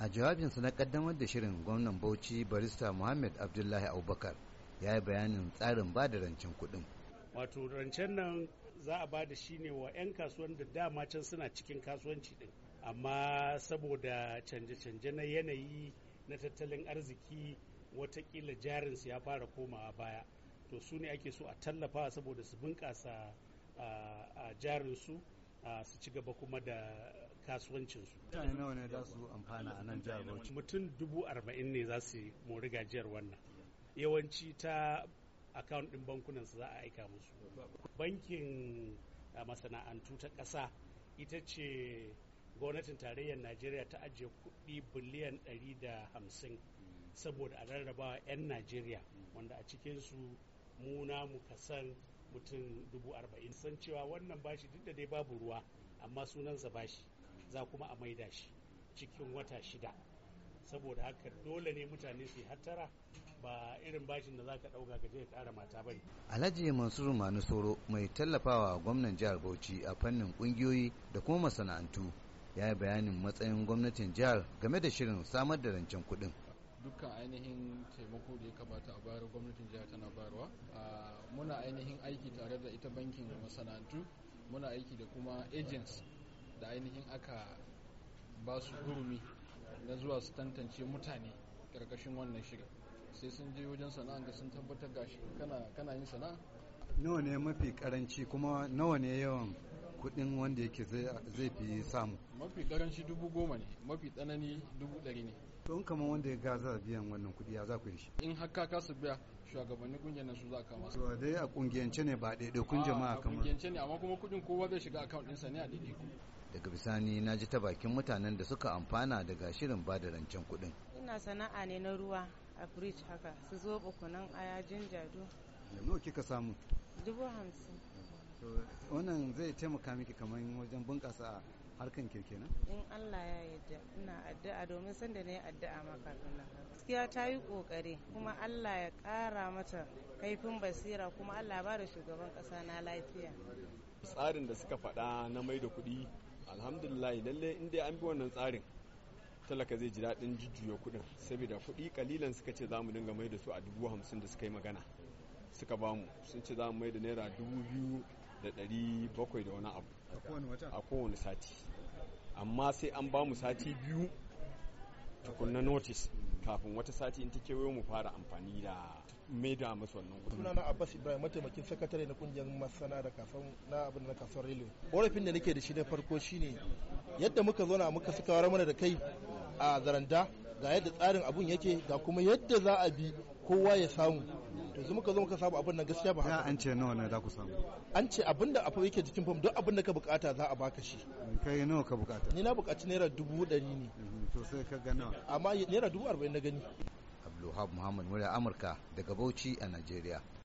a jawabinsa na kaddamar da shirin gwamnan bauchi barista muhammad abdullahi abubakar ya yi bayanin tsarin ba da rancen kudin. wato rancen nan za a ba da shi ne wa 'yan kasuwan da dama can suna cikin kasuwanci din amma saboda canje-canje na yanayi na tattalin arziki watakila jarinsu ya fara komawa baya to su ne ake so a tallafa saboda su bunƙasa a jarinsu su ci gaba kuma da kasuwancinsu. Mutane nawa ne za su amfana a nan jihar Bauchi? Mutum dubu arba'in ne za su mori gajiyar wannan. Yawanci ta akawun ɗin bankunan su za a aika musu. Bankin masana'antu ta ƙasa ita ce gwamnatin tarayyar Najeriya ta ajiye kuɗi biliyan ɗari da hamsin saboda a rarrabawa 'yan Najeriya wanda a cikinsu mu muka san mutum dubu arba'in san cewa wannan bashi duk da dai babu ruwa amma sunansa bashi za kuma a maida shi cikin wata shida saboda haka dole ne mutane su hattara ba irin bashin da za ka ɗauka ka je ka ƙara mata bane. Alhaji Mansur Manu Soro mai tallafawa gwamnan jihar Bauchi a fannin ƙungiyoyi da kuma masana'antu ya yi bayanin matsayin gwamnatin jihar game da shirin samar da rancen kuɗin. dukkan ainihin taimako da ya kamata a bayar gwamnatin jihar tana bayarwa muna ainihin aiki tare da ita bankin masana'antu muna aiki da kuma agents da ainihin aka ba su hurumi na zuwa su tantance mutane karkashin wannan shirin sai sun je wajen sana'a ga sun tabbatar gashi kana yin sana'a nawa ne mafi karanci kuma nawa ne yawan kudin wanda yake zai fi samu mafi karanci dubu goma ne mafi tsanani dubu ɗari ne to in kama wanda ya gaza biyan wannan kudi ya za ku yi shi in haka ka su biya shugabanni kungiyar nan su za ka masu to dai a kungiyance ne ba daidai kun jama'a kamar a kungiyance ne amma kuma kudin kowa zai shiga account ɗinsa ne a daidai daga bisani na ji ta bakin mutanen da suka amfana daga shirin ba da rancen kuɗin ina sana'a ne na ruwa a bridge haka su zo bakunan aya jinjadu da nawa kika samu dubu hamsin wannan zai taimaka miki kamar wajen bunƙasa harkan kirke na in Allah ya yarda ina addu'a domin sanda na yi addu'a maka gaskiya ta yi kokari kuma Allah ya kara mata kaifin basira kuma Allah ba da shugaban ƙasa na lafiya tsarin da suka faɗa na mai da kuɗi alhamdulillah lalle in dai an bi wannan tsarin talaka zai ji daɗin jujjuya kuɗin saboda kuɗi kalilan suka ce za mu dinga mai da su a dubu hamsin da suka yi magana suka ba mu sun ce za mu mai da naira dubu biyu da ɗari bakwai da wani abu a kowane sati amma sai an ba mu sati biyu tukunna notice kafin wata sati in ta kewayo mu fara amfani da maida musu wannan kuɗi. na Abbas Ibrahim mataimakin sakatare na kungiyar masana da kasan na abin na kasuwar rilo. Korafin da nake da shi na farko shine yadda muka zauna muka suka wara mana da kai a zaranda ga yadda tsarin abun yake ga kuma yadda za a bi kowa ya samu to yanzu muka zo muka samu abin nan gaskiya ba haka an ce nawa ne za ku samu an ce abin da afa yake jikin fam duk abin da ka bukata za a baka shi kai nawa ka bukata ni na bukaci naira dubu ɗari ne mhm, to sai ka ga nawa amma naira dubu arba'in na gani Abdulwahab Muhammad murya Amurka daga Bauchi a Najeriya.